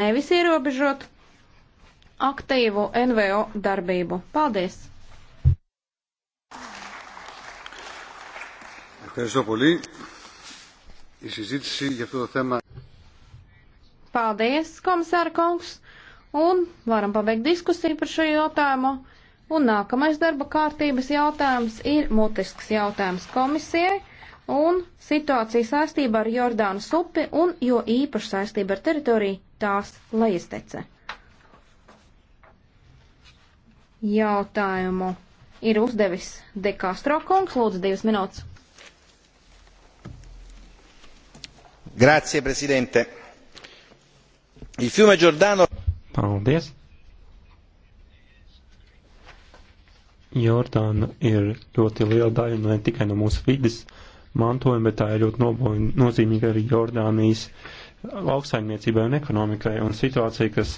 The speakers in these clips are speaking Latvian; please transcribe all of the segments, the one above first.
nevis ierobežot aktīvu NVO darbību. Paldies! Paldies, komisāra kungs! Un varam pabeigt diskusiju par šo jautājumu. Un nākamais darba kārtības jautājums ir mutisks jautājums komisijai un situācija saistībā ar Jordānas upi un jo īpaši saistība ar teritoriju tās lejastece. Jautājumu ir uzdevis Dekastro kungs, lūdzu divas minūtes. Grazie, prezidente. Il fiume Giordano. Paldies. Jordāna ir ļoti liela daļa nu, ne tikai no mūsu vidas, uh, mantojumu, bet tā ir ļoti nozīmīga arī Jordānijas lauksaimniecībai un ekonomikai, un situācija, kas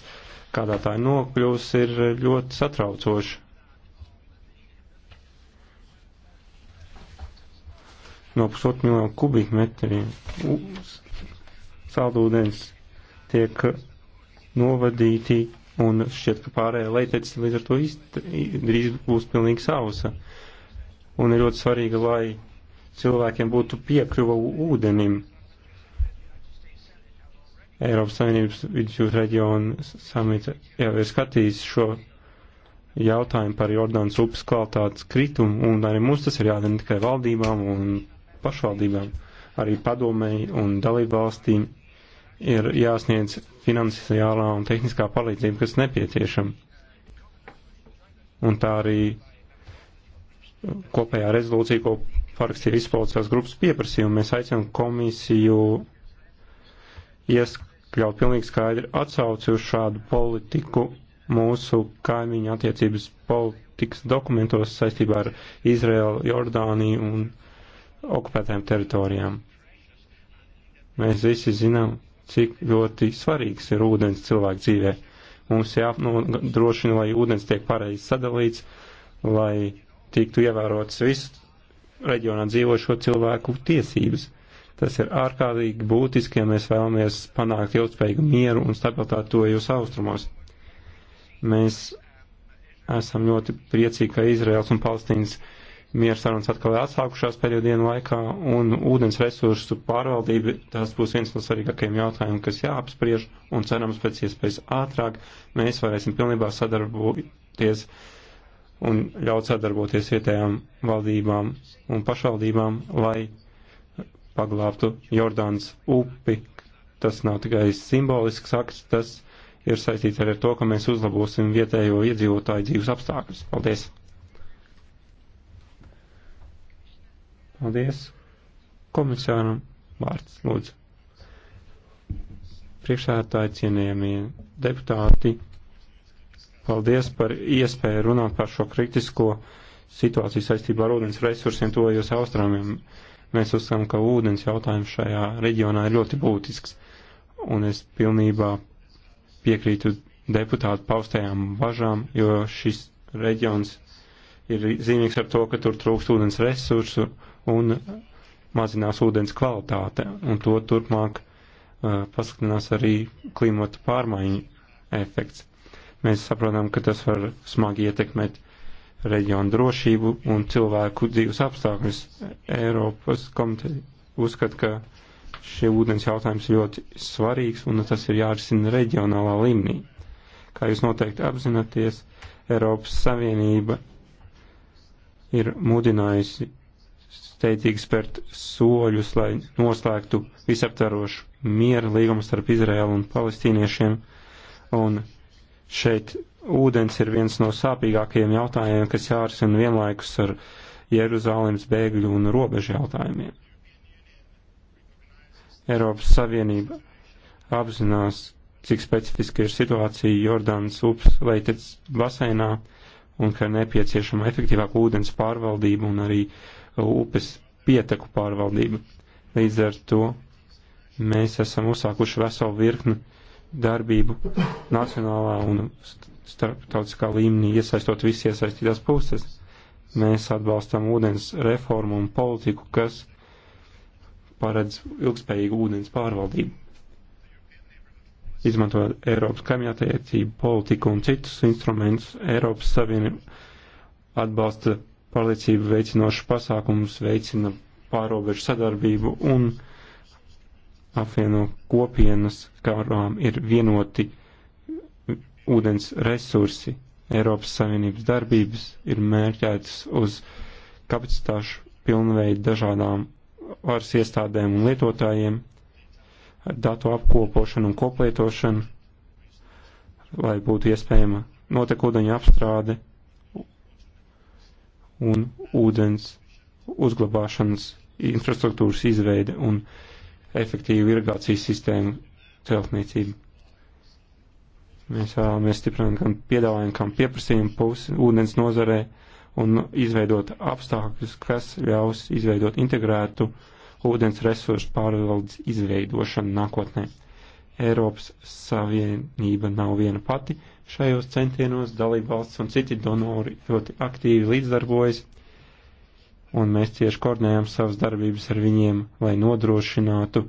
kādā tā ir nokļūs, ir ļoti satraucoša. No pusotru miljonu kubikmetriem saldūdens tiek novadīti un šķiet, ka pārējā leitece līdz ar to izt, drīz būs pilnīgi sausa. Un ir ļoti svarīgi, lai cilvēkiem būtu piekļuva ūdenim. Eiropas Savienības vidusjūras reģiona samits jau ir skatījis šo jautājumu par Jordānas upes kvalitātes kritumu, un arī mums tas ir jādara ne tikai valdībām un pašvaldībām, arī padomēji un dalībvalstīm ir jāsniedz finansiālā un tehniskā palīdzība, kas nepieciešama. Un tā arī kopējā rezolūcija, ko Parks ir izpaucās grupas pieprasījumu. Mēs aicinām komisiju ieskļaut pilnīgi skaidri atsauci uz šādu politiku mūsu kaimiņu attiecības politikas dokumentos saistībā ar Izraelu, Jordāniju un okupētajām teritorijām. Mēs visi zinām, cik ļoti svarīgs ir ūdens cilvēku dzīvē. Mums jānodrošina, lai ūdens tiek pareizi sadalīts, lai tiktu ievērotas visas reģionā dzīvošo cilvēku tiesības. Tas ir ārkārtīgi būtiski, ja mēs vēlamies panākt ilgspējīgu mieru un stabilitāti tojos austrumos. Mēs esam ļoti priecīgi, ka Izraels un Palestīnas miera sarunas atkal ir atsākušās pēdējo dienu laikā, un ūdens resursu pārvaldība, tas būs viens no svarīgākajiem jautājumiem, kas jāapspriež, un cerams pēc iespējas ātrāk mēs varēsim pilnībā sadarboties un ļaut sadarboties vietējām valdībām un pašvaldībām, lai paglābtu Jordānas upi. Tas nav tikai simbolisks akts, tas ir saistīts arī ar to, ka mēs uzlabosim vietējo iedzīvotāju dzīves apstākļus. Paldies! Paldies! Komisāram vārds lūdzu. Priekšsētāji cienījamie deputāti. Paldies par iespēju runāt par šo kritisko situāciju saistībā ar ūdens resursiem tuvajos austrumiem. Mēs uzskatām, ka ūdens jautājums šajā reģionā ir ļoti būtisks, un es pilnībā piekrītu deputātu paustajām bažām, jo šis reģions ir zīmīgs ar to, ka tur trūkst ūdens resursu un mazinās ūdens kvalitāte, un to turpmāk uh, pasliktinās arī klimata pārmaiņu efekts Mēs saprotam, ka tas var smagi ietekmēt reģionu drošību un cilvēku dzīves apstākļus. Eiropas komiteja uzskata, ka šie ūdens jautājums ļoti svarīgs un tas ir jārisina reģionālā līmenī. Kā jūs noteikti apzināties, Eiropas Savienība ir mudinājusi steidzīgi spērt soļus, lai noslēgtu visaptvarošu miera līgumu starp Izraēlu un palestīniešiem un Šeit ūdens ir viens no sāpīgākajiem jautājumiem, kas jārisina vienlaikus ar Jeruzalemes bēgļu un robežu jautājumiem. Eiropas Savienība apzinās, cik specifiski ir situācija Jordānas upes leitec basēnā un ka nepieciešama efektīvāka ūdens pārvaldība un arī upes pieteku pārvaldība. Līdz ar to mēs esam uzsākuši veselu virkni darbību nacionālā un starptautiskā līmenī, iesaistot visi iesaistītās puses. Mēs atbalstam ūdens reformu un politiku, kas paredz ilgspējīgu ūdens pārvaldību. Izmantojot Eiropas kaimiņattiecību politiku un citus instrumentus, Eiropas Savienība atbalsta pārliecību veicinošu pasākumus, veicina pārobežu sadarbību un uh, apvieno kopienas, kurām ir vienoti ūdens resursi. Eiropas Savienības darbības ir mērķētas uz kapacitāšu pilnveidu dažādām varas iestādēm un lietotājiem, ar datu apkopošanu un koplietošanu, lai būtu iespējama notekūdeņa apstrāde un ūdens uzglabāšanas infrastruktūras izveide un uh, efektīvu irigācijas sistēmu celtniecību. Mēs vēlamies stiprināt gan piedāvājumu, gan pieprasījumu pusi ūdens nozarē un izveidot apstākļus, kas ļaus izveidot integrētu ūdens resursu pārvaldes izveidošanu nākotnē. Eiropas Savienība nav viena pati. Šajos centienos dalībvalsts un citi donori ļoti aktīvi līdzdarbojas un mēs cieši koordinējam savas darbības ar viņiem, lai nodrošinātu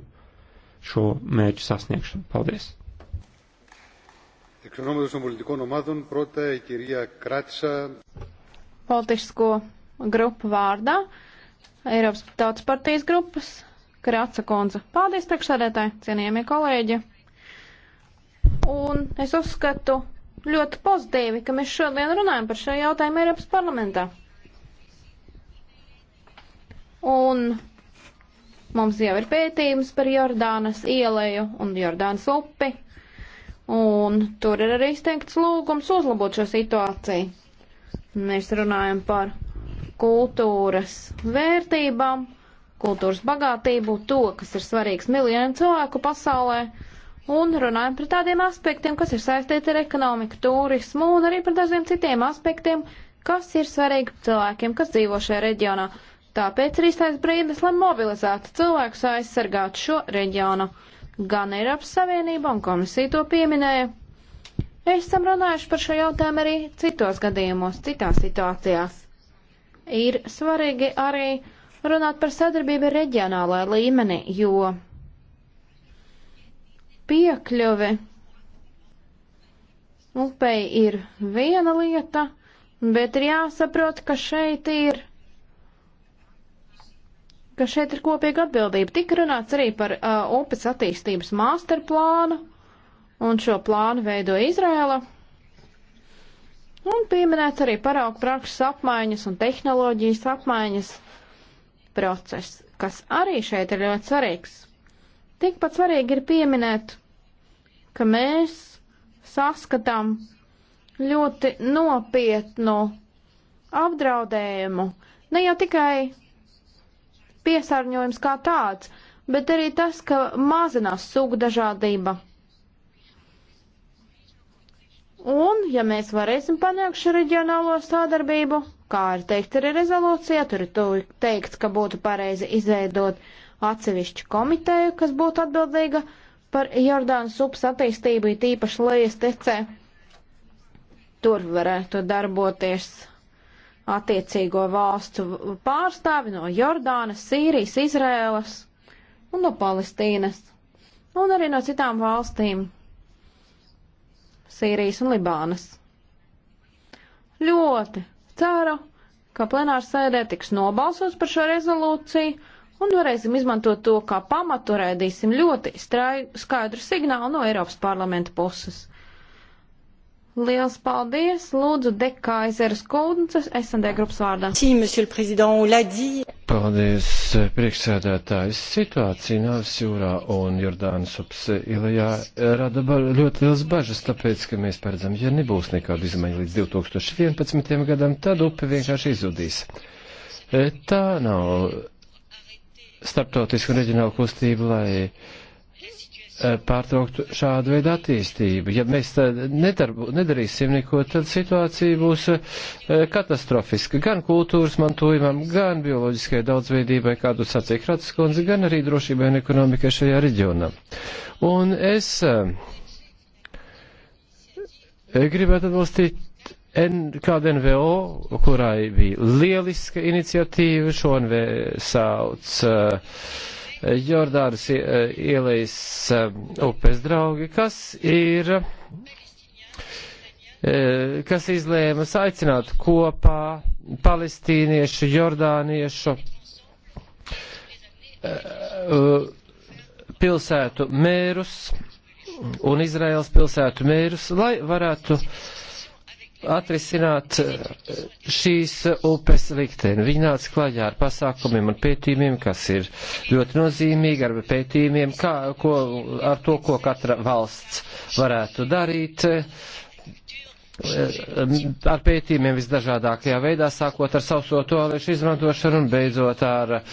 šo mērķu sasniegšanu. Paldies! E Politisko grupu vārdā Eiropas Tautas partijas grupas Kraca Konza. Paldies priekšsēdētāji, cienījamie kolēģi! Un es uzskatu ļoti pozitīvi, ka mēs šodien runājam par šo jautājumu Eiropas parlamentā un mums jau ir pētījums par Jordānas ieleju un Jordānas upi, un tur ir arī izteikts lūgums uzlabot šo situāciju. Mēs runājam par kultūras vērtībām, kultūras bagātību, to, kas ir svarīgs miljoniem cilvēku pasaulē, un runājam par tādiem aspektiem, kas ir saistīti ar ekonomiku, turismu un arī par dažiem citiem aspektiem, kas ir svarīgi cilvēkiem, kas dzīvo šajā reģionā. Tāpēc ir īstais brīdis, lai mobilizētu cilvēkus aizsargāt šo reģionu. Gan Eiropas Savienība un komisija to pieminēja. Esam runājuši par šo jautājumu arī citos gadījumos, citās situācijās. Ir svarīgi arī runāt par sadarbību reģionālā līmenī, jo piekļuve upei ir viena lieta, bet ir jāsaprot, ka šeit ir ka šeit ir kopīga atbildība. Tik runāts arī par uh, upes attīstības masterplānu, un šo plānu veido Izrēla. Un pieminēts arī paraugu prakses apmaiņas un tehnoloģijas apmaiņas process, kas arī šeit ir ļoti svarīgs. Tikpat svarīgi ir pieminēt, ka mēs saskatām ļoti nopietnu apdraudējumu ne jau tikai piesārņojums kā tāds, bet arī tas, ka mazinās sugu dažādība. Un, ja mēs varēsim panākt šo reģionālo sadarbību, kā ir teikt arī rezolūcijā, tur ir teikts, ka būtu pareizi izveidot atsevišķu komiteju, kas būtu atbildīga par Jordānas upes attīstību, it īpaši lejas tecē. Tur varētu darboties attiecīgo valstu pārstāvi no Jordānas, Sīrijas, Izrēlas un no Palestīnas, un arī no citām valstīm - Sīrijas un Libānas. Ļoti ceru, ka plenārs sēdē tiks nobalsots par šo rezolūciju un varēsim izmantot to kā pamatu, rēdīsim ļoti skaidru signālu no Eiropas parlamenta puses. Liels paldies! Lūdzu, Dekaizeras kundzes, SND grupas vārdā. Paldies, priekšsēdētājs. Situācija Nāves jūrā un Jordānas ups ilajā rada ļoti liels bažas, tāpēc, ka mēs paredzam, ja nebūs nekāda izmaiņa līdz 2011. gadam, tad upe vienkārši izudīs. E, tā nav starptautiska reģionāla kustība, lai Eh, pārtrauktu šādu veidu attīstību. Ja mēs eh, nedarbu, nedarīsim neko, tad situācija būs eh, katastrofiska gan kultūras mantojumam, gan bioloģiskajai daudzveidībai, kādu sacīja Kratskundze, gan arī drošībai un ekonomikai šajā reģionā. Un es gribētu atbalstīt N, kāda NVO, kurai bija lieliska iniciatīva, šo NVO sauc uh, Jordānas eh, ielejas eh, upes draugi, kas ir, eh, kas izlēma aicināt kopā palestīniešu, jordāniešu pilsētu mērus un Izraels pilsētu mērus, lai varētu uh, atrisināt eh, šīs eh, upes likteni. Viņi nāca klajā ar pasākumiem un pētījumiem, kas ir ļoti nozīmīgi, ar pētījumiem, kā, ko, ar to, ko katra valsts varētu darīt, ar pētījumiem visdažādākajā veidā, sākot ar sauso toalešu izmantošanu un beidzot ar eh,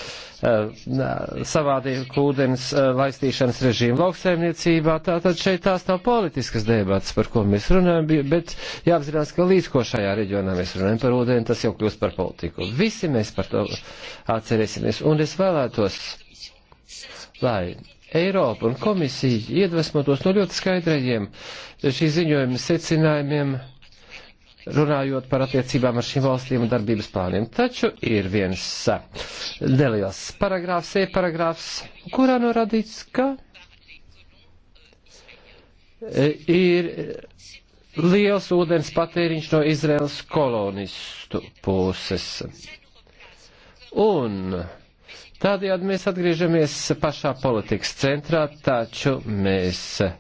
savādību ūdens eh, laistīšanas režīmu lauksaimniecībā. Tātad šeit tās nav politiskas debatas, par ko mēs runājam, bet jāapzinās, ka līdz ko šajā reģionā mēs runājam par ūdeni, tas jau kļūst par politiku. Visi mēs par to atcerēsimies. Un es vēlētos, lai Eiropa un komisija iedvesmotos no ļoti skaidrajiem šī ziņojuma secinājumiem runājot par attiecībām ar šīm valstīm un darbības plāniem. Taču ir viens eh, neliels paragrāfs, e-paragrāfs, kurā norādīts, ka eh, ir liels ūdens patēriņš no Izraels kolonistu puses. Un tādējādi mēs atgriežamies pašā politikas centrā, taču mēs eh,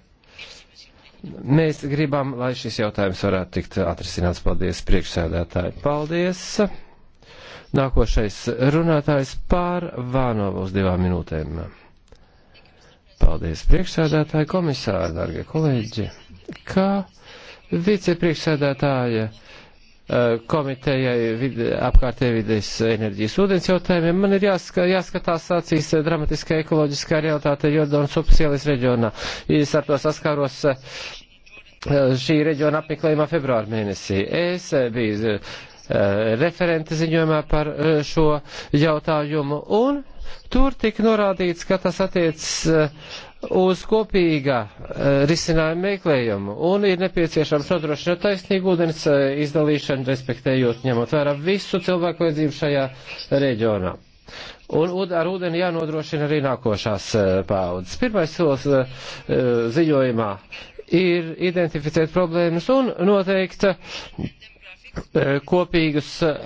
Mēs gribam, lai šis jautājums varētu tikt atrisināts. Paldies, priekšsēdētāji. Paldies. Nākošais runātājs pār Vānovu uz divām minūtēm. Paldies, priekšsēdētāji, komisāri, dargie kolēģi. Kā vicepriekšsēdētāja Eh, komitejai vide, apkārtē vides enerģijas ūdens jautājumiem, man ir jāska, jāskatās acīs eh, dramatiskā ekoloģiskā realitāte Jordanas upes ielas reģionā. Eh, es ar to saskāros šī reģiona apmeklējumā februāra mēnesī. Es biju referente ziņojumā par šo jautājumu un tur tika norādīts, ka tas attiecas uz kopīgā eh, risinājuma meklējumu un ir nepieciešams nodrošināt taisnīgu ūdens eh, izdalīšanu, respektējot ņemot vērā visu cilvēku vajadzību šajā reģionā. Un ar ūdeni jānodrošina arī nākošās eh, paaudzes. Pirmais solis ziņojumā ir identificēt problēmas un noteikta Eh, kopīgus eh,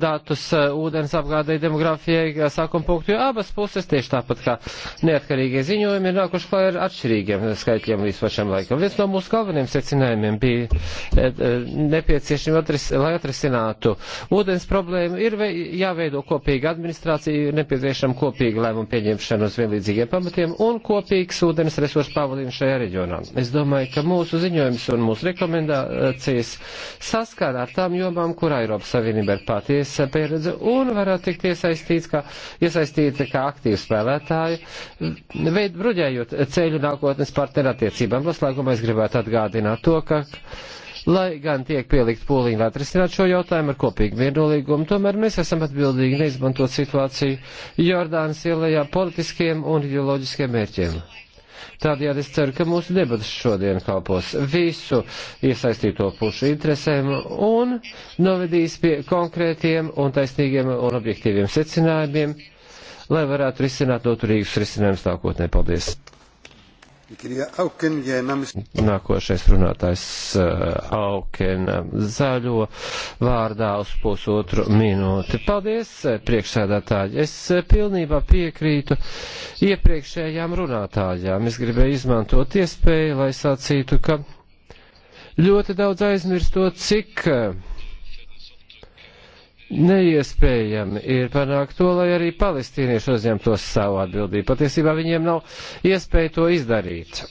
datus eh, ūdens apgādai demografijai sākuma punktu, jo abas puses tieši tāpat kā neatkarīgie ziņojumi ir nākuši klāj ar atšķirīgiem skaitļiem līdz pašam laikam. Viens no mūsu galveniem secinājumiem bija nepieciešams, atris, lai atrisinātu ūdens problēmu, ir jāveido kopīga administrācija, ir nepieciešama kopīga lēmuma pieņemšana uz vienlīdzīgiem pamatiem un kopīgs ūdens resursu pavadījums šajā reģionā. Es domāju, ka mūsu ziņojums un mūsu rekomendācijas saskara ar tām tām jomām, kurā Eiropas Savienība ir patiesa pieredze un varētu tikt iesaistīts kā, iesaistīta kā aktīva spēlētāja, veid bruģējot ceļu nākotnes partnerattiecībām. Noslēgumā es gribētu atgādināt to, ka lai gan tiek pielikt pūliņi, lai atrisinātu šo jautājumu ar kopīgu viennolīgumu, tomēr mēs esam atbildīgi neizmantot situāciju Jordānas ielējā politiskiem un ideoloģiskiem mērķiem. Tādējādi es ceru, ka mūsu debatas šodien kalpos visu iesaistīto pušu interesēm un novedīs pie konkrētiem un taisnīgiem un objektīviem secinājumiem, lai varētu risināt noturīgus risinājumus nākotnē. Paldies! Nākošais runātājs uh, Auken zaļo vārdā uz pusotru minūti. Paldies, uh, priekšsēdētāji. Es uh, pilnībā piekrītu iepriekšējām runātājām. Es gribēju izmantot iespēju, lai sacītu, ka ļoti daudz aizmirst to, cik Neiespējami ir panākt to, lai arī palestīnieši uzņemtos savu atbildību. Patiesībā viņiem nav iespēja to izdarīt.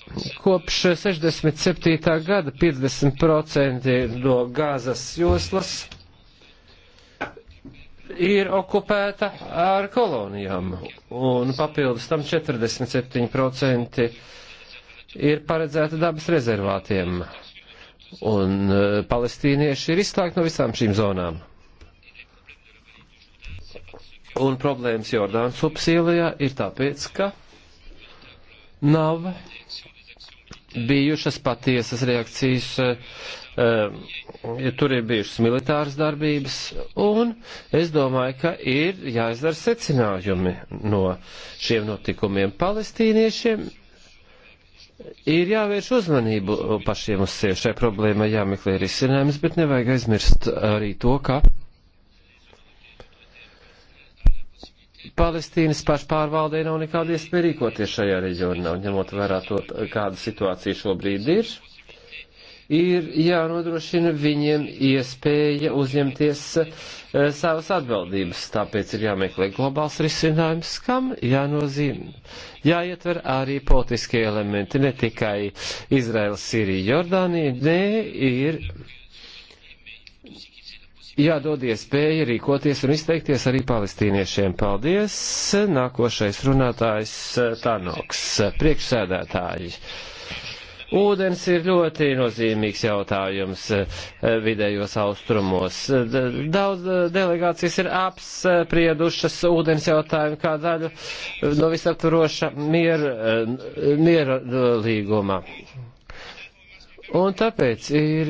Kopš 67. gada 50% no Gāzas joslas ir okupēta ar kolonijām, un papildus tam 47% ir paredzēta dabas rezervātiem, un eh, palestīnieši ir izslēgti no visām šīm zonām. Un problēmas Jordānas upsīlajā ir tāpēc, ka nav bijušas patiesas reakcijas, ja eh, eh, tur ir bijušas militāras darbības, un es domāju, ka ir jāizdara secinājumi no šiem notikumiem palestīniešiem, ir jāvērš uzmanību pašiem uz sevi šai problēmai, jāmeklē risinājums, bet nevajag aizmirst arī to, ka Palestīnas pašpārvaldē nav nekāda iespēja rīkoties šajā reģionā, ņemot vērā to, kāda situācija šobrīd ir. Ir jānodrošina viņiem iespēja uzņemties e, savas atbildības, tāpēc ir jāmeklē globāls risinājums, kam jānozīmē. Jāietver arī politiskie elementi, ne tikai Izraels, Sīrija, Jordānija, nē, ir jādod iespēja rīkoties un izteikties arī palestīniešiem. Paldies! Nākošais runātājs eh, Tanoks, priekšsēdētāji. Ūdens ir ļoti nozīmīgs jautājums eh, vidējos austrumos. Daudz eh, delegācijas ir apspriedušas ūdens jautājumu kā daļu no visaptvaroša miera, miera līguma. Un tāpēc ir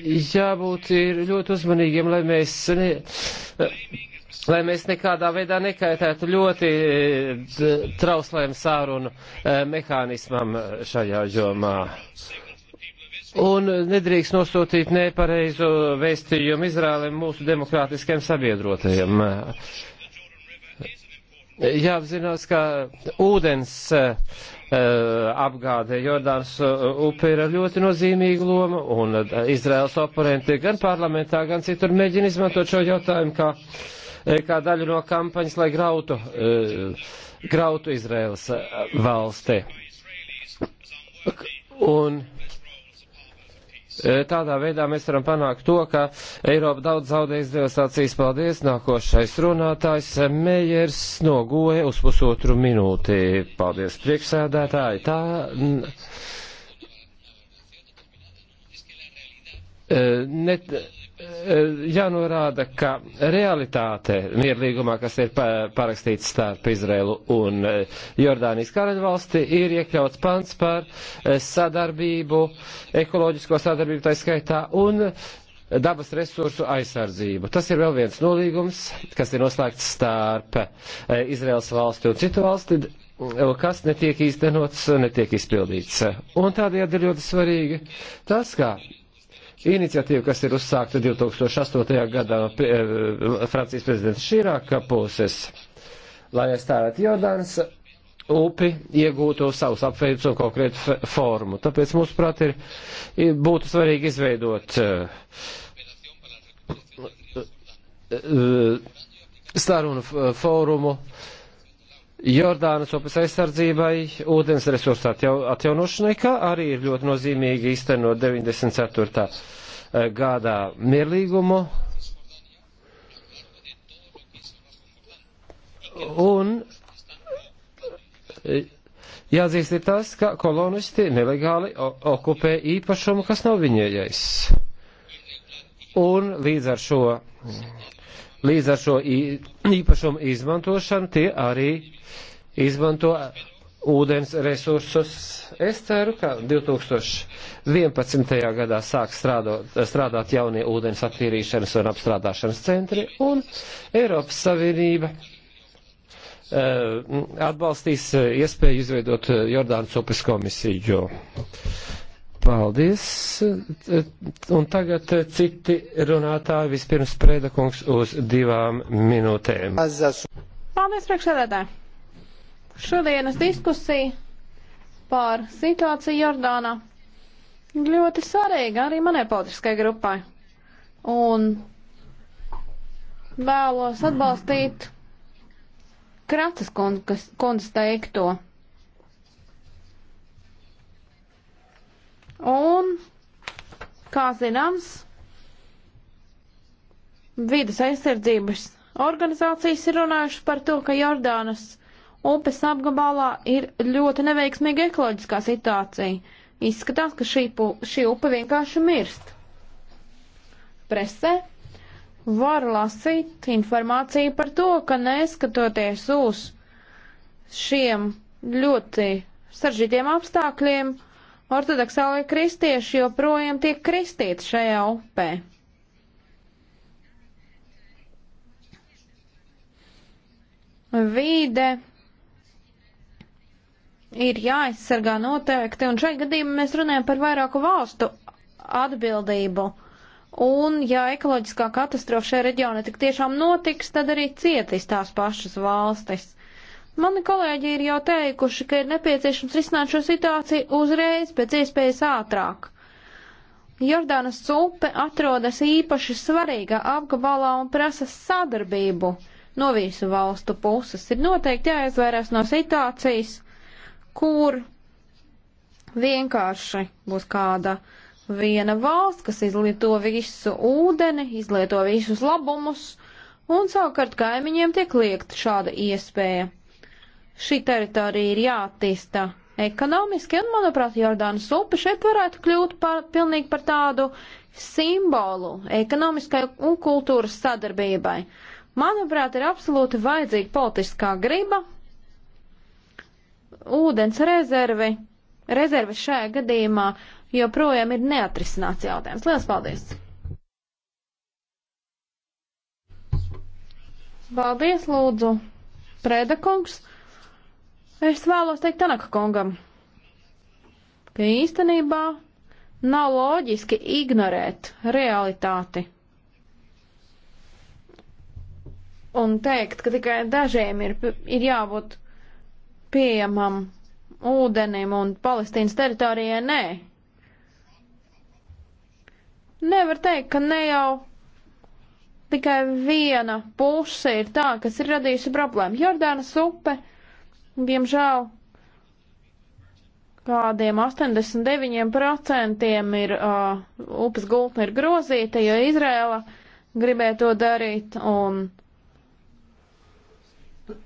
jābūt ir ļoti uzmanīgiem, lai mēs, ne, lai mēs nekādā veidā nekaitētu ļoti e, trauslēm sārunu e, mehānismam šajā jomā. Un nedrīkst nosūtīt nepareizu vēstījumu Izrēlim mūsu demokrātiskiem sabiedrotajiem. Jāapzinās, ka ūdens uh, Eh, apgāde Jordānas eh, upe ir ļoti nozīmīga loma, un eh, Izraels oponenti gan parlamentā, gan citur mēģina izmantot šo jautājumu kā, kā daļu no kampaņas, lai grautu, grautu Izraels valsti. Un Tādā veidā mēs varam panākt to, ka Eiropa daudz zaudēs divas acīs. Paldies, nākošais runātājs Meijers nogoja uz pusotru minūti. Paldies, priekšsēdētāji. Tā. N, net, Eh, jānorāda, ka realitāte mierlīgumā, kas ir parakstīts starp Izraelu un eh, Jordānijas karaļvalsti, ir iekļauts pants par eh, sadarbību, ekoloģisko sadarbību tā skaitā un dabas resursu aizsardzību. Tas ir vēl viens nolīgums, kas ir noslēgts starp Izraels valsti un citu valsti, kas netiek īstenots, netiek izpildīts. Un tādējādi ir ļoti svarīgi tas, kā iniciatīva, kas ir uzsākta 2008. gadā eh, Francijas prezidents Šīrāka puses, lai aizstāvētu Jordānas upi iegūtu savus apveidus un konkrētu formu. Tāpēc, mūsuprāt, ir, būtu svarīgi izveidot eh, eh, starunu fórumu Jordānas upes aizsardzībai, ūdens resursu atjau, atjaunošanai, kā arī ir ļoti nozīmīgi iztenot 94. Eh, gadā mierlīgumu. Un eh, jāatzīst ir tas, ka kolonisti nelegāli okupē īpašumu, kas nav viņējais. Un līdz ar šo Līdz ar šo īpašumu izmantošanu tie arī izmanto ūdens resursus. Es ceru, ka 2011. gadā sāk strādot, strādāt jaunie ūdens attīrīšanas un apstrādāšanas centri, un Eiropas Savienība eh, atbalstīs eh, iespēju izveidot eh, Jordānas upes komisiju. Paldies. Un tagad citi runātāji vispirms Prēdakungs uz divām minūtēm. Paldies, priekšsēdētāji. Šodienas diskusija par situāciju Jordānā ļoti svarīga arī manai politiskajai grupai. Un vēlos atbalstīt Kratas kundzes teikto. Un, kā zināms, vidas aizsardzības organizācijas ir runājušas par to, ka Jordānas upes apgabalā ir ļoti neveiksmīga ekoloģiskā situācija. Izskatās, ka šī, pu, šī upe vienkārši mirst. Presē var lasīt informāciju par to, ka neskatoties uz šiem ļoti saržģītiem apstākļiem, uh, ortodoksālie kristieši joprojām tiek kristīti šajā upē. Vīde ir jāaizsargā noteikti, un šai gadījumā mēs runājam par vairāku valstu atbildību. Un, ja ekoloģiskā katastrofa šajā reģionā tik tiešām notiks, tad arī cietīs tās pašas valstis. Mani kolēģi ir jau teikuši, ka ir nepieciešams risināt šo situāciju uzreiz, pēc iespējas ātrāk. Jordānas upe atrodas īpaši svarīgā apgabalā un prasa sadarbību no visu valstu puses. Ir noteikti jāizvairās no situācijas, kur vienkārši būs kāda viena valsts, kas izlieto visu ūdeni, izlieto visus labumus, un savukārt kaimiņiem tiek liekta šāda iespēja. Šī teritorija ir jātīsta ekonomiski, un, manuprāt, Jordānas upe šeit varētu kļūt par, pilnīgi par tādu simbolu ekonomiskai un kultūras sadarbībai. Manuprāt, ir absolūti vajadzīga politiskā griba, ūdens rezervi, rezervi šajā gadījumā joprojām ir neatrisināts jautājums. Lielas paldies! Paldies, lūdzu, Prēda kungs! Es vēlos teikt Tanaka kungam, ka īstenībā nav loģiski ignorēt realitāti. Un teikt, ka tikai dažiem ir, ir jābūt pieejamam ūdenim un Palestīnas teritorijai, nē. Nevar teikt, ka ne jau tikai viena puse ir tā, kas ir radījusi problēmu. Jordānas upe Diemžēl kādiem 89% ir uh, upes gultne ir grozīta, jo Izrēla gribēja to darīt. Un,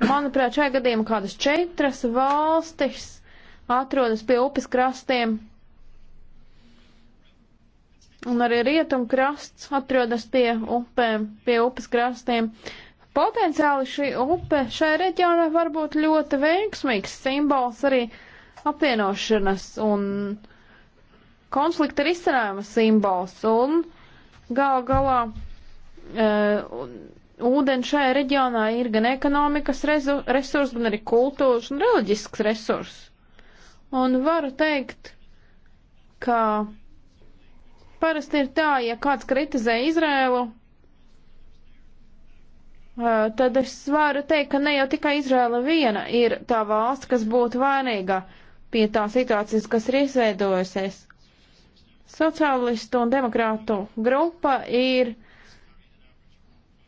manuprāt, šajā gadījumā kādas četras valstis atrodas pie upes krastiem. Un arī rietumkrasts atrodas pie upēm, pie upes krastiem. Uh, Potenciāli šī upe šai reģionā var būt ļoti veiksmīgs simbols arī apvienošanas un konflikta risinājuma simbols. Un gal galā uh, ūdeni šajā reģionā ir gan ekonomikas resurs, gan arī kultūras un reliģisks resurs. Un varu teikt, ka parasti ir tā, ja kāds kritizē Izrēlu, Eh, tad es varu teikt, ka ne jau tikai Izraela viena ir tā valsts, kas būtu vainīga pie tā situācijas, kas ir izveidojusies. Sociālistu un demokrātu grupa ir,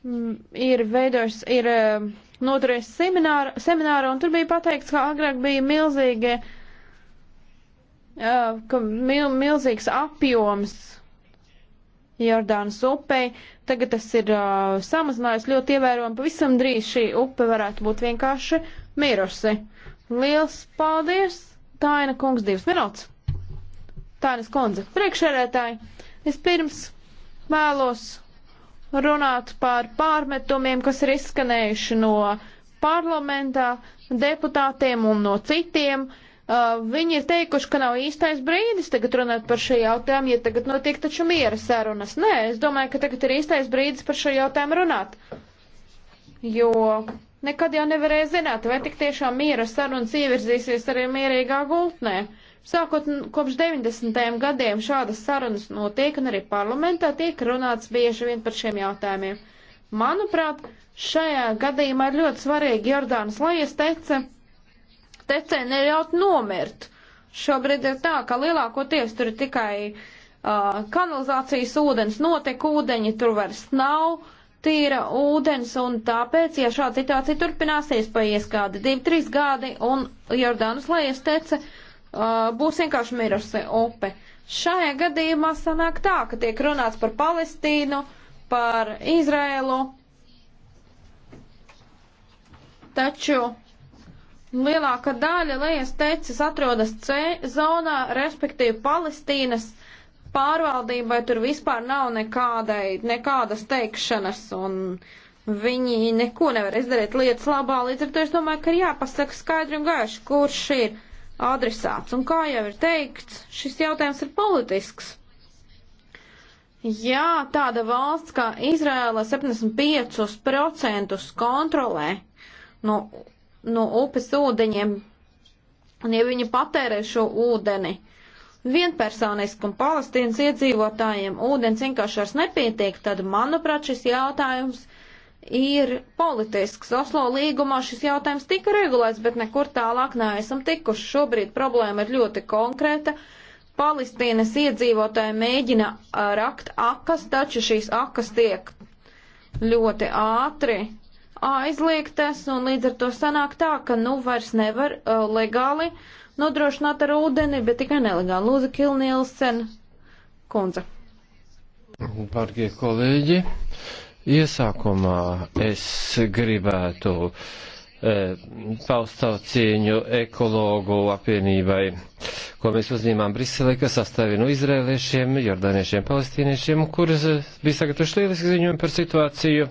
mm, ir veidojusi, ir eh, noturējusi semināru, semināru, un tur bija pateikts, ka agrāk bija milzīgie, eh, ka mil, milzīgs apjoms Jordānas upei. Tagad tas ir uh, samazinājies ļoti ievērojami. Pavisam drīz šī upe varētu būt vienkārši mirusi. Liels paldies! Taina kungs divas minūtes. Tainas kundze, priekšērētāji, es pirms vēlos runāt par pārmetumiem, kas ir izskanējuši no parlamentā deputātiem un no citiem. Uh, Uh, viņi ir teikuši, ka nav īstais brīdis tagad runāt par šo jautājumu, ja tagad notiek taču miera sarunas. Nē, es domāju, ka tagad ir īstais brīdis par šo jautājumu runāt. Jo nekad jau nevarēja zināt, vai tik tiešām miera sarunas ievirzīsies arī mierīgā gultnē. Sākot kopš 90. gadiem šādas sarunas notiek un arī parlamentā tiek runāts bieži vien par šiem jautājumiem. Manuprāt, šajā gadījumā ir ļoti svarīgi Jordānas, lai es teicu, tecē neļaut nomirt. Šobrīd ir tā, ka lielākoties tur ir tikai uh, kanalizācijas ūdens, notiek ūdeņi, tur vairs nav tīra ūdens, un tāpēc, ja šāda situācija turpināsies, paies kādi divi, trīs gadi, un Jordānas lejas tece uh, būs vienkārši mirusi upe. Šajā gadījumā sanāk tā, ka tiek runāts par Palestīnu, par Izrēlu, taču Lielākā daļa lejas teicis atrodas C zonā, respektīvi Palestīnas pārvaldībai tur vispār nav nekādai, nekādas teikšanas un viņi neko nevar izdarīt lietas labā. Līdz ar to es domāju, ka ir jāpasaka skaidri un gaiši, kurš ir adresāts. Un kā jau ir teikts, šis jautājums ir politisks. Jā, tāda valsts kā Izraela 75% kontrolē no no upes ūdeņiem, un ja viņi patērē šo ūdeni vienpersoniski un palestīnas iedzīvotājiem ūdens vienkārši vairs nepietiek, tad, manuprāt, šis jautājums ir politisks. Oslo līgumā šis jautājums tika regulēts, bet nekur tālāk neesam tikuši. Šobrīd problēma ir ļoti konkrēta. Palestīnas iedzīvotāji mēģina uh, rakt akas, taču šīs akas tiek ļoti ātri aizliegtas, un līdz ar to sanāk tā, ka nu vairs nevar uh, legāli nodrošināt ar ūdeni, bet tikai nelegāli. Lūdzu, Kilnielsen kundze. Bargie kolēģi, iesākumā es gribētu uh, Eh, paust savu cieņu ekologu apvienībai, ko mēs uzņēmām Briselē, kas sastāvīja no izrēliešiem, jordāniešiem, palestīniešiem, kuras bija sagatavojuši lieliski ziņojumi par situāciju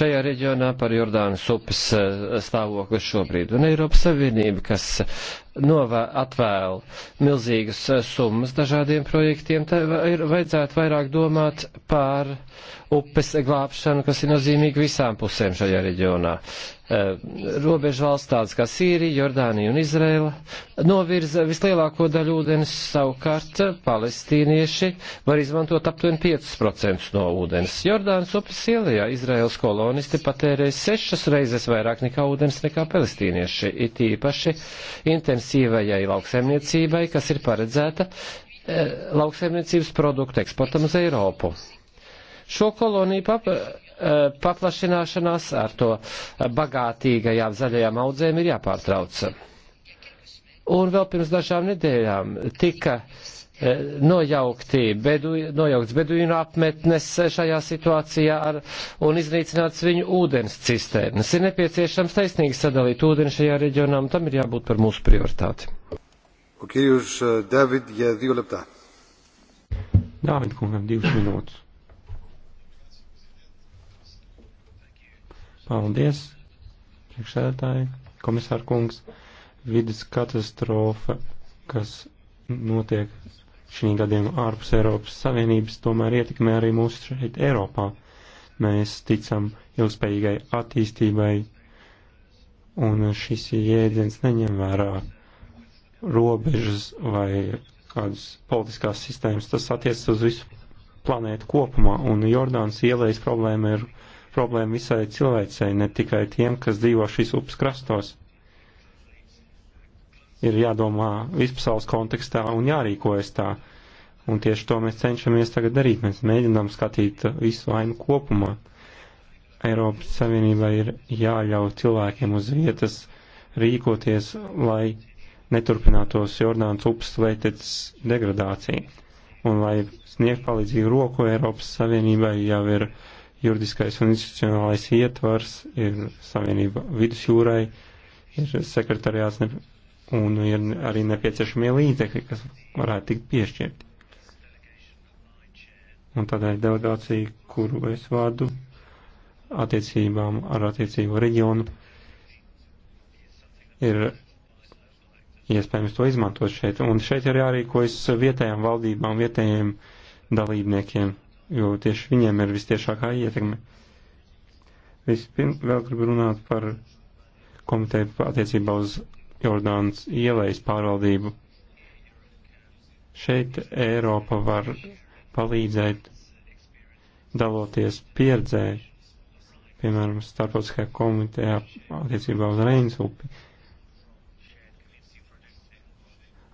šajā reģionā, par Jordānas upes eh, stāvokli šobrīd. Un Eiropas Savienība, kas novā, atvēl milzīgas summas dažādiem projektiem, tā ir vajadzētu vairāk domāt par upes glābšanu, kas ir nozīmīgi visām pusēm šajā reģionā. Eh, robežu valsts tādas kā Sīrija, Jordānija un Izraela novirza vislielāko daļu ūdens, savukārt palestīnieši var izmantot aptuveni 5% no ūdens. Jordānas upes ielajā Izraels kolonisti patērēja sešas reizes vairāk nekā ūdens nekā palestīnieši, it īpaši intensīvi intensīvajai lauksaimniecībai, kas ir paredzēta eh, lauksaimniecības produktu eksportam uz Eiropu. Šo koloniju pap, eh, paplašināšanās ar to bagātīgajām zaļajām audzēm ir jāpārtrauc. Un vēl pirms dažām nedēļām tika uh, nojaukti, bedu, nojaukts beduīnu apmetnes šajā situācijā ar, un iznīcināts viņu ūdens cisternes. Ir nepieciešams taisnīgi sadalīt ūdeni šajā reģionā, un tam ir jābūt par mūsu prioritāti. Kirjus eh, David, ja divi leptā. Dāvid kungam divas minūtes. Paldies, priekšsēdētāji, komisār kungs. Vides katastrofa, kas notiek šī gadiem ārpus Eiropas Savienības tomēr ietekmē arī mūs šeit Eiropā. Mēs ticam ilgspējīgai attīstībai, un šis jēdziens neņem vērā robežas vai kādas politiskās sistēmas. Tas attiecas uz visu planētu kopumā, un Jordānas ielējas problēma ir problēma visai cilvēcei, ne tikai tiem, kas dzīvo šīs upes krastos ir jādomā vispasaules kontekstā un jārīkojas tā. Un tieši to mēs cenšamies tagad darīt. Mēs mēģinām skatīt visu ainu kopumā. Eiropas Savienībai ir jāļauj cilvēkiem uz vietas rīkoties, lai neturpinātos Jordānas upes leitecas degradācija. Un lai sniegt palīdzīgu roku Eiropas Savienībai jau ir juridiskais un institucionālais ietvars, ir Savienība vidusjūrai, ir sekretariāts un ir arī nepieciešamie līdzekļi, kas varētu tikt piešķirti. Un tādēļ delegācija, kuru es vādu attiecībām ar attiecīgo reģionu, ir iespējams to izmantot šeit. Un šeit ir jārīkojas vietējām valdībām, vietējiem dalībniekiem, jo tieši viņiem ir vistiešākā ietekme. Vispirms vēl gribu runāt par komiteju attiecībā uz Jordānas ielejas pārvaldību. Šeit Eiropa var palīdzēt daloties pieredzē, piemēram, starptautiskajā komitejā attiecībā uz Reinas upi.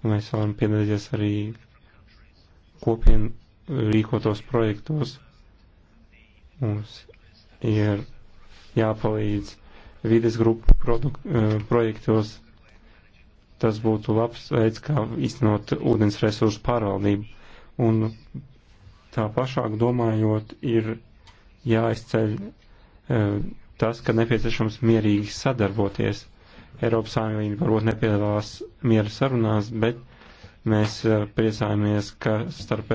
Mēs varam piedalīties arī kopienu rīkotos projektos. Mums ir jāpalīdz vides grupu produktu, eh, projektos Tas būtu labs veids, kā īstenot ūdens resursu pārvaldību. Un tā plašāk domājot, ir jāizceļ e, tas, ka nepieciešams mierīgi sadarboties. Eiropas Savienība varbūt nepiedalās miera sarunās, bet mēs e, priecājamies, ka starp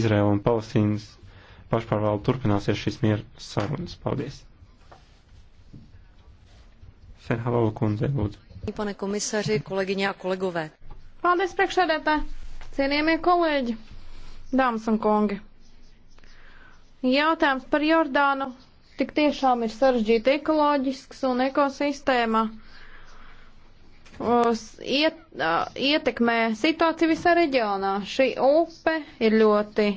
Izraēlu un Palestīnas pašpārvaldu turpināsies šīs miera sarunas. Paldies! Senhalalu kundze, lūdzu. Pane komisāri, kolēģiņā, kolegovē. Paldies, priekšsēdētā. Cienījamie kolēģi, dāmas un kungi. Jautājums par Jordānu tik tiešām ir sarežģīti ekoloģisks un ekosistēma uz iet, uh, ietekmē situāciju visā reģionā. Šī upe ir ļoti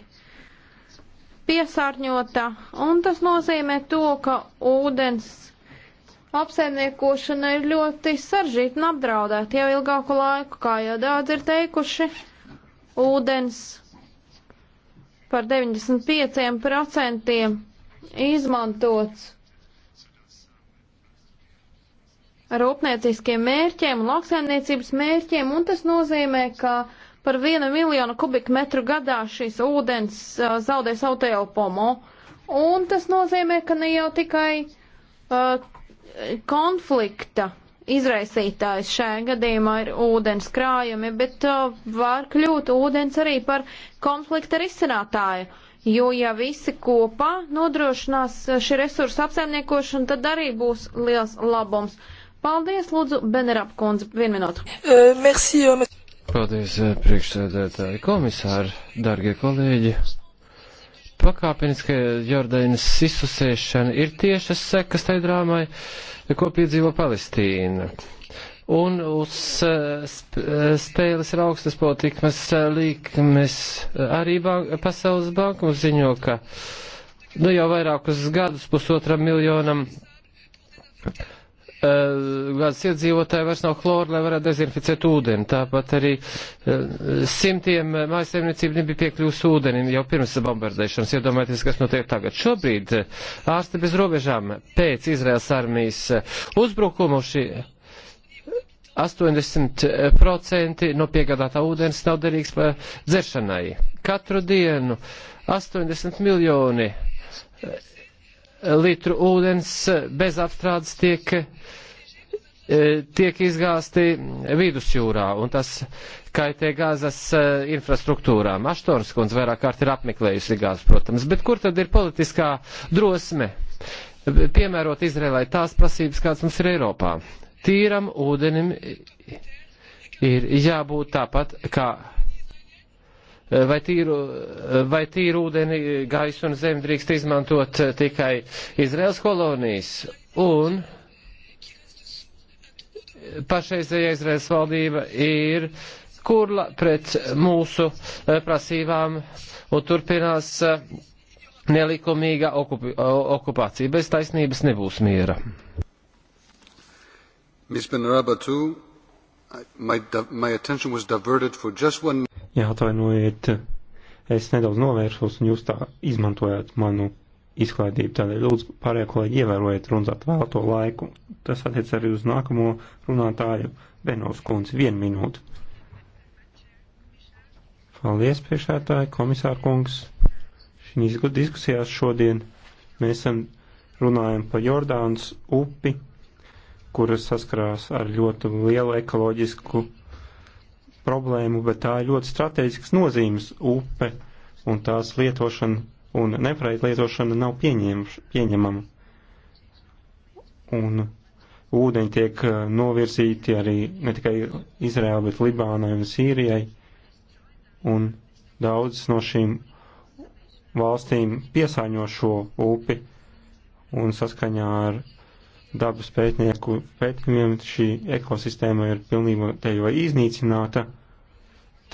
piesārņota, un tas nozīmē to, ka ūdens apsaimniekošana ir ļoti saržīta un apdraudēta jau ilgāku laiku, kā jau daudz ir teikuši. Ūdens par 95% izmantots rūpnieciskiem mērķiem un lauksaimniecības mērķiem, un tas nozīmē, ka par vienu miljonu kubikmetru gadā šīs ūdens uh, zaudē savu telpumu. Un tas nozīmē, ka ne jau tikai uh, konflikta izraisītājs šajā gadījumā ir ūdens krājumi, bet uh, var kļūt ūdens arī par konflikta risinātāju. Jo ja visi kopā nodrošinās uh, šī resursa apsaimniekošanu, tad arī būs liels labums. Paldies, lūdzu, Benerap kundze, vienu minūtu. Uh, uh, merci, Paldies, priekšsēdētāji komisāri, dargie kolēģi pakāpeniska Jordānas izsusēšana ir tiešas sekas tai drāmai, ko piedzīvo Palestīna. Un uz eh, eh, spēles ir augstas politikas līkmes. Arī bank, Pasaules banka mums ziņo, ka nu, jau vairākus gadus pusotram miljonam gads eh, iedzīvotāji vairs nav chlora, lai varētu dezinficēt ūdeni. Tāpat arī eh, simtiem mājasemniecību nebija piekļūst ūdenim jau pirms bombardēšanas. Iedomājieties, kas notiek tagad. Šobrīd eh, ārsti bez robežām pēc Izraels armijas uzbrukumu šī 80% no piegādātā ūdens nav derīgs dzeršanai. Katru dienu 80 miljoni litru ūdens bez apstrādes tiek, e, tiek izgāsti vidusjūrā, un tas kaitē gāzes e, infrastruktūrām. Aštons kundze vairāk kārt ir apmeklējusi gāzi, protams, bet kur tad ir politiskā drosme piemērot Izrēlai tās prasības, kādas mums ir Eiropā? Tīram ūdenim ir jābūt tāpat kā vai tīru, vai tīru ūdeni, gaisu un zemi drīkst izmantot eh, tikai Izraels kolonijas. Un pašreizējā Izraels valdība ir kurla pret mūsu eh, prasībām un turpinās eh, nelikumīga okup okupācija. Bez taisnības nebūs miera. Ms. Benarabatu, my, my attention was diverted for just one minute. Jā, atvainojiet, es nedaudz novērsos un jūs tā izmantojāt manu izklaidību. Tādēļ lūdzu pārējie kolēģi ievērojiet runāt vēlto laiku. Tas attiec arī uz nākamo runātāju Benovs kundzi. Vienu minūtu. Paldies, priekšētāji, komisāra kungs. Šīs diskusijās šodien mēs esam runājam par Jordānas upi, kuras saskarās ar ļoti lielu ekoloģisku problēmu, bet tā ir ļoti strateģisks nozīmes upe, un tās lietošana un nepareiz lietošana nav pieņemama. Un ūdeņi tiek eh, novirzīti arī ne tikai Izrēlai, bet Libānai un Sīrijai. Un daudzas no šīm valstīm piesāņo šo upi. Un saskaņā ar dabas pētnieku pētījumiem šī ekosistēma ir pilnībā te jau iznīcināta.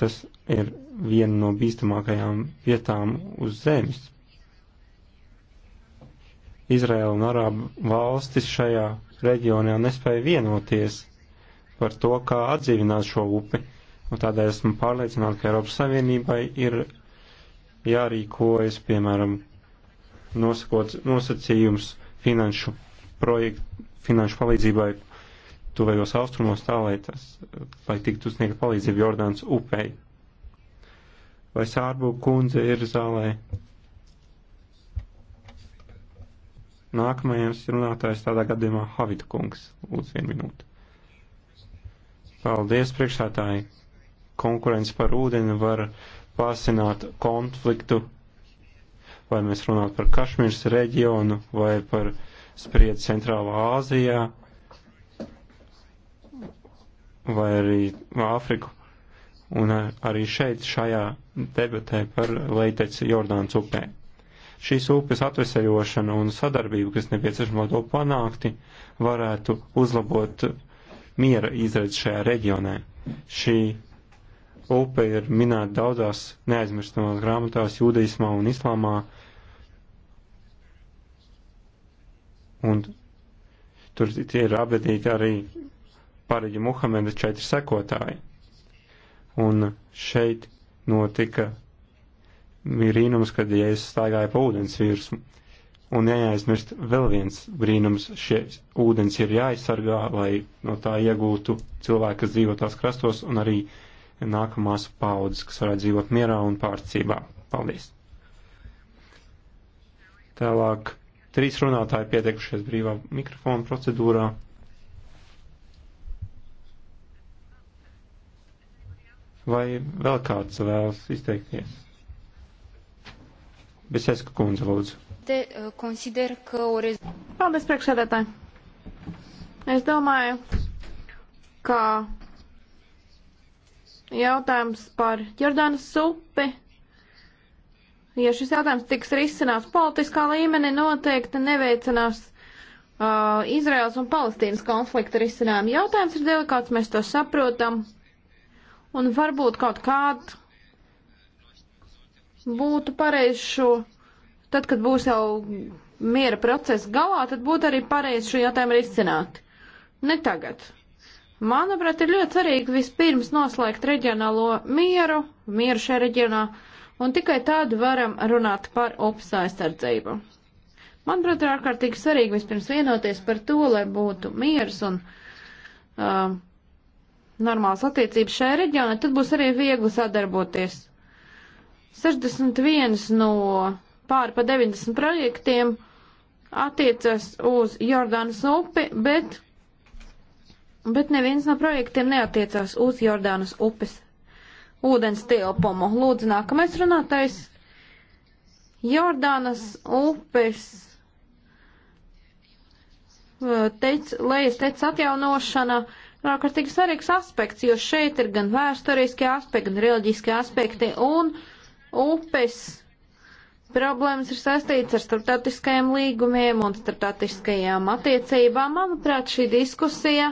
Tas ir viena no bīstamākajām vietām uz zemes. Izraela un Arābu valstis šajā reģionā nespēja vienoties par to, kā atdzīvināt šo upi, un tādēļ esmu pārliecināta, ka Eiropas Savienībai ir jārīkojas, piemēram, nosakot nosacījums finanšu projektu, finanšu palīdzībai tuvējos austrumos tā, lai, tas, lai tiktu sniegta palīdzība Jordānas upei. Vai Sārbu kundze ir zālē? Nākamajams runātājs tādā gadījumā Havita kungs. Lūdzu, vienu minūti. Paldies, priekšsētāji. Konkurence par ūdeni var pāsināt konfliktu, vai mēs runātu par Kašmīras reģionu, vai par spriedzi Centrālā Āzijā, vai arī Āfriku. Un eh, arī šeit, šajā debatē par leiteci Jordānas upē. Šīs upes atveseļošana un sadarbība, kas nepieciešama to panākti, varētu uzlabot miera izredzi šajā reģionē. Šī upe ir minēta daudzās neaizmirstamās grāmatās, jūdaismā un islāmā. Un tur tie ir apbedīti arī Parīģa Muhameda četri sekotāji. Un šeit notika brīnums, kad Jēzus staigāja pa ūdens virsmu. Un jāaizmirst vēl viens brīnums, šie ūdens ir jāaizsargā, lai no tā iegūtu cilvēki, kas dzīvo tās krastos, un arī nākamās paudzes, kas varētu dzīvot mierā un pārcībā. Paldies! Tālāk trīs runātāji pieteikušies brīvā mikrofona procedūrā. Vai vēl kāds vēlas izteikties? Beseska kundze, lūdzu. Te konsider, eh, ka oriz... Paldies, priekšsēdētāji. Es domāju, ka jautājums par Jordānas upi, ja šis jautājums tiks risināts politiskā līmenī, noteikti neveicinās uh, Izraels un Palestīnas konflikta risinājumu. Jautājums ir delikāts, mēs to saprotam un varbūt kaut kād būtu pareizi šo, tad, kad būs jau miera procesa galā, tad būtu arī pareizi šo jautājumu risināt. Ne tagad. Manuprāt, ir ļoti svarīgi vispirms noslēgt reģionālo mieru, mieru šajā reģionā, un tikai tādu varam runāt par upes aizsardzību. Manuprāt, ir ārkārtīgi svarīgi vispirms vienoties par to, lai būtu miers un uh, normālas attiecības šajā reģionā, tad būs arī viegli sadarboties. 61 no pāri pa 90 projektiem attiecas uz Jordānas upi, bet, bet neviens no projektiem neatiecās uz Jordānas upes ūdens tilpumu. Lūdzu, nākamais runātais. Jordānas upes eh, teic, lejas teica atjaunošana Nu, ārkārtīgi svarīgs aspekts, jo šeit ir gan vēsturiskie aspekti, gan reliģiskie aspekti, un upes problēmas ir saistīts ar starptautiskajiem līgumiem un starptautiskajām attiecībām. Manuprāt, šī diskusija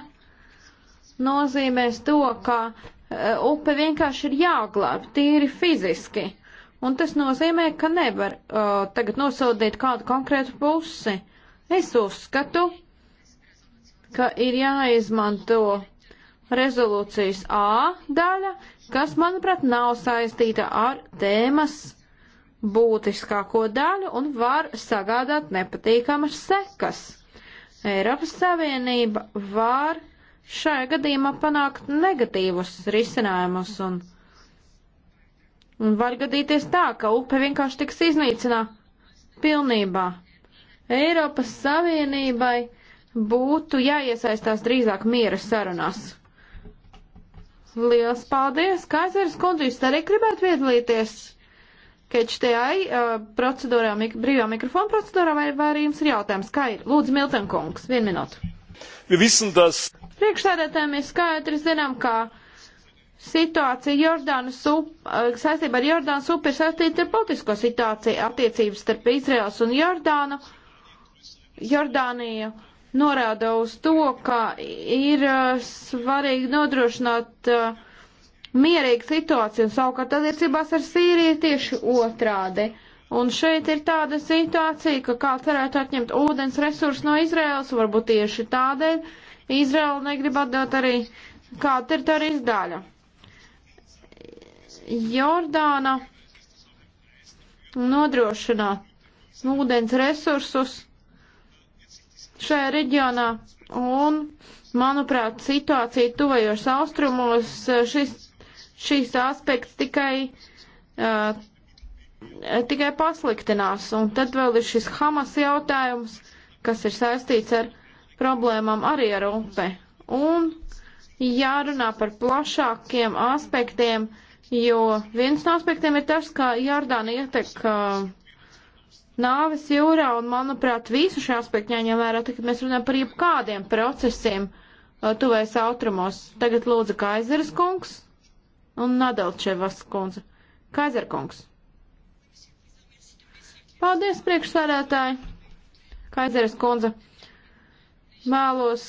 nozīmēs to, ka e, upe vienkārši ir jāglāb tīri fiziski. Un tas nozīmē, ka nevar uh, tagad nosodīt kādu konkrētu pusi. Es uzskatu, ka ir jāizmanto rezolūcijas A daļa, kas, manuprāt, nav saistīta ar tēmas būtiskāko daļu un var sagādāt nepatīkamas sekas. Eiropas Savienība var šajā gadījumā panākt negatīvus risinājumus un, un var gadīties tā, ka upe vienkārši tiks iznīcināta pilnībā. Eiropas Savienībai būtu jāiesaistās drīzāk miera sarunās. Liels paldies! Kaiseris kundze, jūs arī gribētu piedalīties KHTI uh, procedūrā, mik brīvā mikrofona procedūrā, vai, vai arī jums ir jautājums? Kā ir? Lūdzu, Miltenkungs, vienu minūtu. Das... Priekšsēdētājiem ir skaidrs, zinām, ka situācija Jordānas up, uh, saistībā ar Jordānas upi ir saistīta ar politisko situāciju attiecības starp Izraels un Jordānu. Jordāniju norāda uz to, ka ir uh, svarīgi nodrošināt uh, mierīgu situāciju, un savukārt attiecībās ar Sīriju tieši otrādi. Un šeit ir tāda situācija, ka kāds varētu atņemt ūdens resursus no Izraels, varbūt tieši tādēļ Izraela negrib atdot arī kādu teritorijas daļu. Jordāna nodrošināt ūdens resursus šajā reģionā, un, manuprāt, situācija tuvajos austrumos eh, šis, šīs aspekts tikai, uh, tikai pasliktinās. Un tad vēl ir šis Hamas jautājums, kas ir saistīts ar problēmām arī ar upe. Un jārunā par plašākiem aspektiem, jo viens no aspektiem ir tas, ka Jordāna ietek uh, nāves jūrā, un, manuprāt, visu šie aspekti jāņem vērā, tagad mēs runājam par jebkādiem procesiem uh, tuvēs autrumos. Tagad lūdzu Kaizeres kungs un Nadalčevas kundze. Kaizer kungs. Paldies, priekšsādātāji. Kaizeres kundze. Vēlos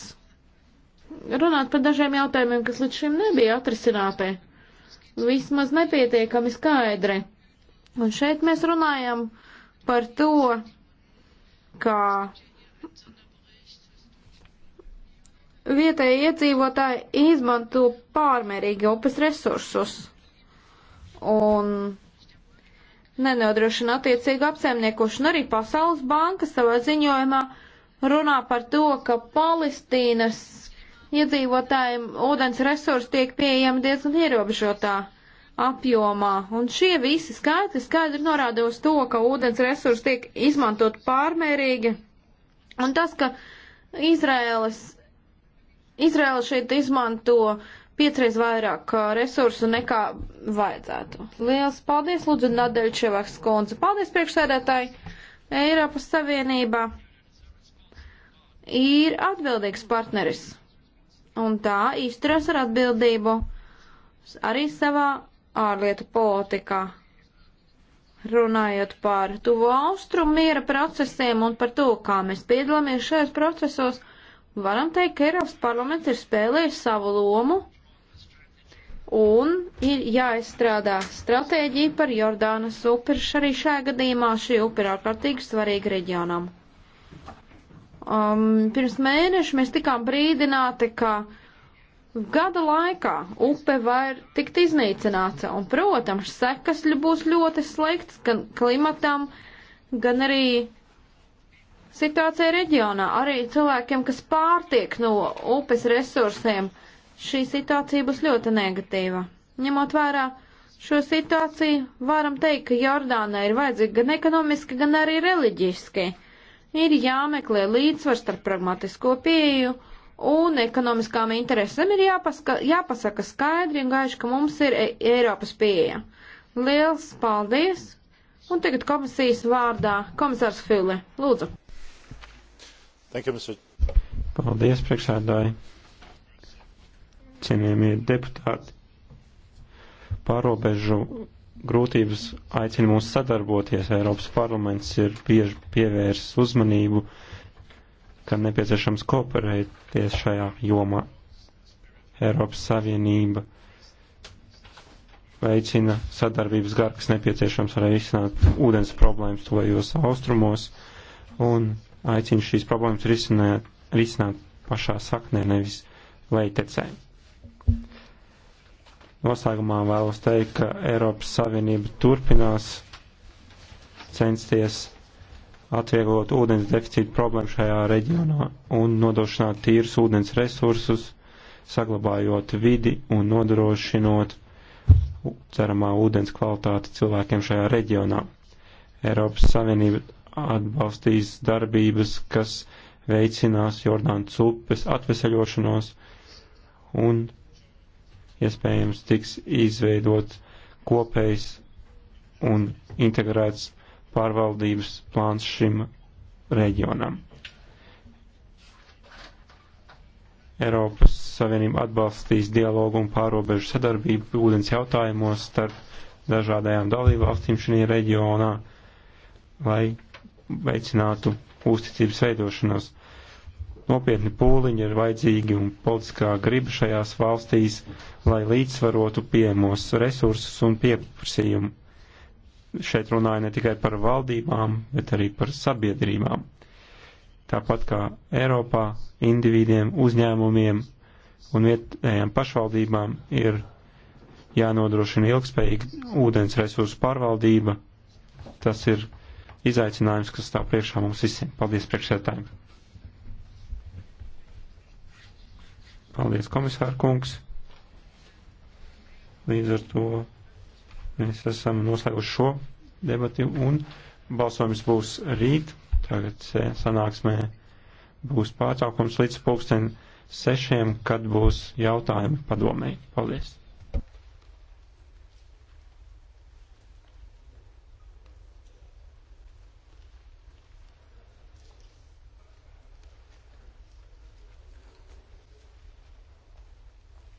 runāt par dažiem jautājumiem, kas līdz šim nebija atrisināti. Vismaz nepietiekami skaidri. Un šeit mēs runājam par par to, ka vietēji iedzīvotāji izmanto pārmērīgi upes resursus un nenodrošina attiecīgu apsaimniekošanu. Arī Pasaules banka savā ziņojumā runā par to, ka Palestīnas iedzīvotājiem ūdens resursi tiek pieejami diezgan ierobežotā apjomā. Un šie visi skaitļi skaidri norāda uz to, ka ūdens resursi tiek izmantot pārmērīgi. Un tas, ka Izraēlas, Izraēla šeit izmanto piecreiz vairāk uh, resursu nekā vajadzētu. Lielas paldies, Lūdzu, Nadeļčevaks kundze. Paldies, priekšsēdētāji! Eiropas Savienība ir atbildīgs partneris. Un tā izturas ar atbildību arī savā ārlietu politikā. Runājot par tuvo austrumu miera procesiem un par to, kā mēs piedalāmies šajos procesos, varam teikt, ka Eiropas parlaments ir spēlējis savu lomu un ir jāizstrādā stratēģija par Jordānas upuri. Arī šajā gadījumā šī upura ir ārkārtīgi svarīga reģionam. Um, pirms mēneša mēs tikām brīdināti, ka uh, Gada laikā upe var tikt iznīcināta, un, protams, sekas būs ļoti sliktas gan klimatam, gan arī situācijai reģionā. Arī cilvēkiem, kas pārtiek no upes resursiem, šī situācija būs ļoti negatīva. Ņemot vērā šo situāciju, varam teikt, ka Jordānai ir vajadzīgi gan ekonomiski, gan arī reliģiski. Ir jāmeklē līdzsvars starp pragmatisko pieeju un ekonomiskām interesēm ir jāpaska, jāpasaka skaidri un gaiši, ka mums ir e Eiropas pieeja. Liels paldies! Un tagad komisijas vārdā komisārs Fille. Lūdzu. Thank you, Mr. Paldies, priekšsēdāji. Cienījamie deputāti. Pārobežu grūtības aicina mūs sadarboties. Eiropas parlaments ir bieži pievērsis uzmanību uh, ka nepieciešams kooperēties šajā jomā. Eiropas Savienība veicina sadarbības garu, kas nepieciešams arī izsināt ūdens problēmas tuvajos austrumos un aicina šīs problēmas risināt, risināt pašā saknē, nevis leitecē. Noslēgumā vēlos teikt, ka Eiropas Savienība turpinās censties atvieglot ūdens deficīta problēmu šajā reģionā un nodrošināt tīrus ūdens resursus, saglabājot vidi un nodrošinot ceramā ūdens kvalitāti cilvēkiem šajā reģionā. Eiropas Savienība atbalstīs darbības, kas veicinās Jordānas upes atveseļošanos un iespējams tiks izveidot kopējs un integrēts pārvaldības plāns šim reģionam. Eiropas Savienība atbalstīs dialogu un pārobežu sadarbību ūdens jautājumos starp dažādajām dalībvalstīm šajā reģionā, lai veicinātu uzticības veidošanos. Nopietni pūliņi ir vajadzīgi un politiskā griba šajās valstīs, lai līdzsvarotu pieejamos resursus un pieprasījumu šeit runāju ne tikai par valdībām, bet arī par sabiedrībām. Tāpat kā Eiropā individiem, uzņēmumiem un vietējām pašvaldībām ir jānodrošina ilgspējīga ūdens resursu pārvaldība. Tas ir izaicinājums, kas stāv priekšā mums visiem. Paldies priekšsētājiem! Paldies, komisāra kungs! Līdz ar to Mēs esam noslēguši šo debati un balsojums būs rīt. Tagad sanāksmē būs pārtraukums līdz pulksten sešiem, kad būs jautājumi padomēji. Paldies!